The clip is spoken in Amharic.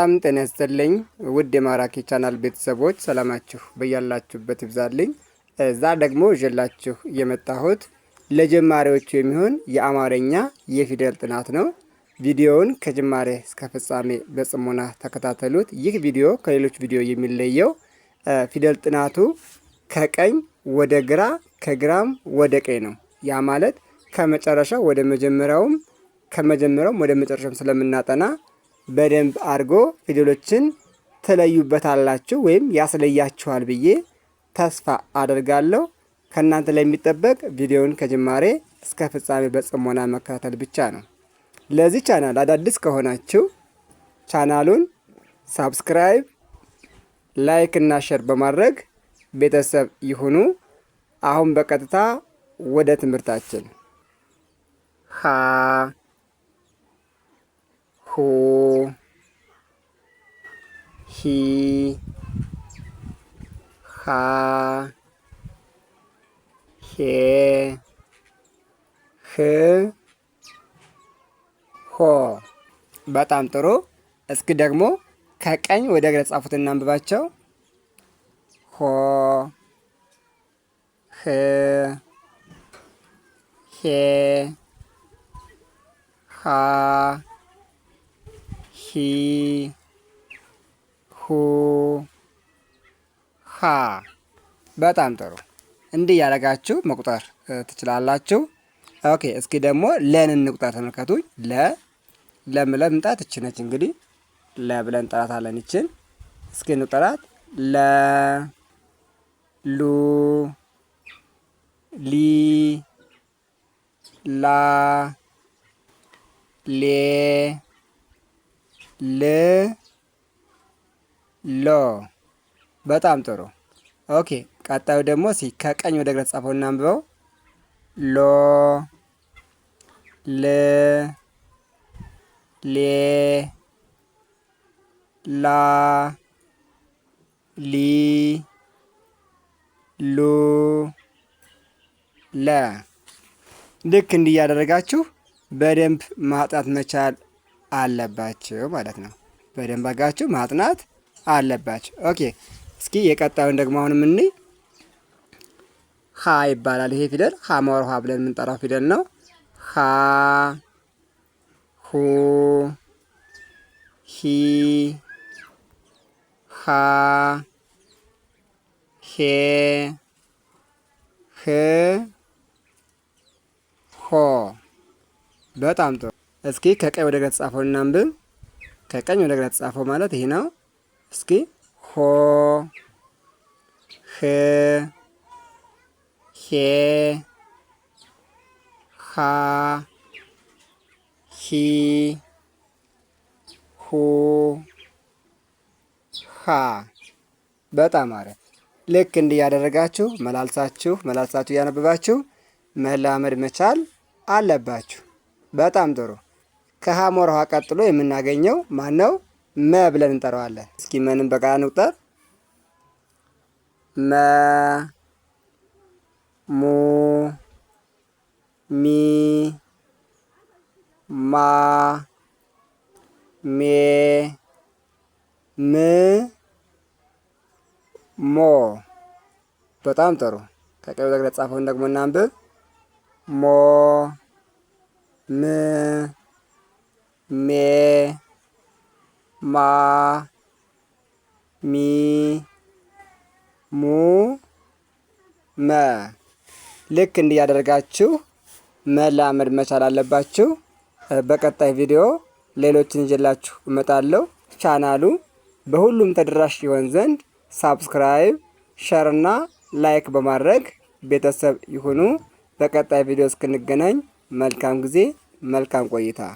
በጣም ጤና ያስጥልኝ ውድ የማራኪ ቻናል ቤተሰቦች ሰላማችሁ በያላችሁበት ይብዛልኝ። እዛ ደግሞ ይዤላችሁ የመጣሁት ለጀማሪዎቹ የሚሆን የአማርኛ የፊደል ጥናት ነው። ቪዲዮውን ከጅማሬ እስከ ፍጻሜ በጽሞና ተከታተሉት። ይህ ቪዲዮ ከሌሎች ቪዲዮ የሚለየው ፊደል ጥናቱ ከቀኝ ወደ ግራ ከግራም ወደ ቀኝ ነው። ያ ማለት ከመጨረሻው ወደ መጀመሪያውም ከመጀመሪያውም ወደ መጨረሻውም ስለምናጠና በደንብ አድርጎ ፊደሎችን ትለዩበታላችሁ ወይም ያስለያችኋል ብዬ ተስፋ አደርጋለሁ። ከእናንተ ላይ የሚጠበቅ ቪዲዮውን ከጅማሬ እስከ ፍጻሜ በጽሞና መከታተል ብቻ ነው። ለዚህ ቻናል አዳዲስ ከሆናችሁ ቻናሉን ሳብስክራይብ፣ ላይክ እና ሼር በማድረግ ቤተሰብ ይሁኑ። አሁን በቀጥታ ወደ ትምህርታችን ሃ ሁ ሂ ሃ ሄ ህ ሆ። በጣም ጥሩ። እስኪ ደግሞ ከቀኝ ወደ ግራ ጻፉት እናንብባቸው አንብባቸው። ሆ ህ ሄ ሃ ሂ ሃ በጣም ጥሩ። እንዲህ ያደረጋችሁ መቁጠር ትችላላችሁ። ኦኬ እስኪ ደግሞ ለን እንቁጠር። ተመልከቱ ለ ለም ለም ምጣት እንግዲህ ለ ብለን እንጠራታለን። ይችን እስኪ እንቁጠራት ለ ሉ ሊ ላ ሌ ል ሎ በጣም ጥሩ። ኦኬ ቀጣዩ ደግሞ ሲ ከቀኝ ወደ ግራ ተጻፈው አንብበው። ሎ ል ሌ ላ ሊ ሉ ለ ልክ እንዲህ ያደረጋችሁ በደንብ ማጥናት መቻል አለባቸው ማለት ነው። በደንብ አጋችሁ ማጥናት አለባቸው። ኦኬ እስኪ የቀጣዩን ደግሞ አሁን የምንይ ሀ ይባላል። ይሄ ፊደል ሀ ማወር ሀ ብለን የምንጠራው ፊደል ነው። ሀ ሁ ሂ ሃ ሄ ህ ሆ በጣም ጥሩ። እስኪ ከቀኝ ወደ ግራ ተጻፈው እናንብብ። ከቀኝ ወደ ግራ ተጻፈው ማለት ይሄ ነው። እስኪ ሆ፣ ህ፣ ሄ፣ ሃ፣ ሂ፣ ሁ፣ ሃ። በጣም አሪፍ። ልክ እንዲህ ያደረጋችሁ መላልሳችሁ መላልሳችሁ እያነበባችሁ መላመድ መቻል አለባችሁ። በጣም ጥሩ። ከሐሞር ውሃ ቀጥሎ የምናገኘው ማን ነው? መ ብለን እንጠራዋለን። እስኪ መንም በቃ እንቁጠር። መ ሙ ሚ ማ ሜ ም ሞ። በጣም ጥሩ። ከቀይ ወደ ጻፈውን ደግሞ እናንብብ። ሞ ም ሜ ማ ሚ ሙ መ ልክ እንዲህ መላመድ መቻል አለባችሁ። በቀጣይ ቪዲዮ ሌሎችን ይዤላችሁ እመጣለሁ። ቻናሉ በሁሉም ተደራሽ ይሆን ዘንድ ሳብስክራይብ፣ ሸርና ላይክ በማድረግ ቤተሰብ ይሁኑ። በቀጣይ ቪዲዮ እስክንገናኝ መልካም ጊዜ፣ መልካም ቆይታ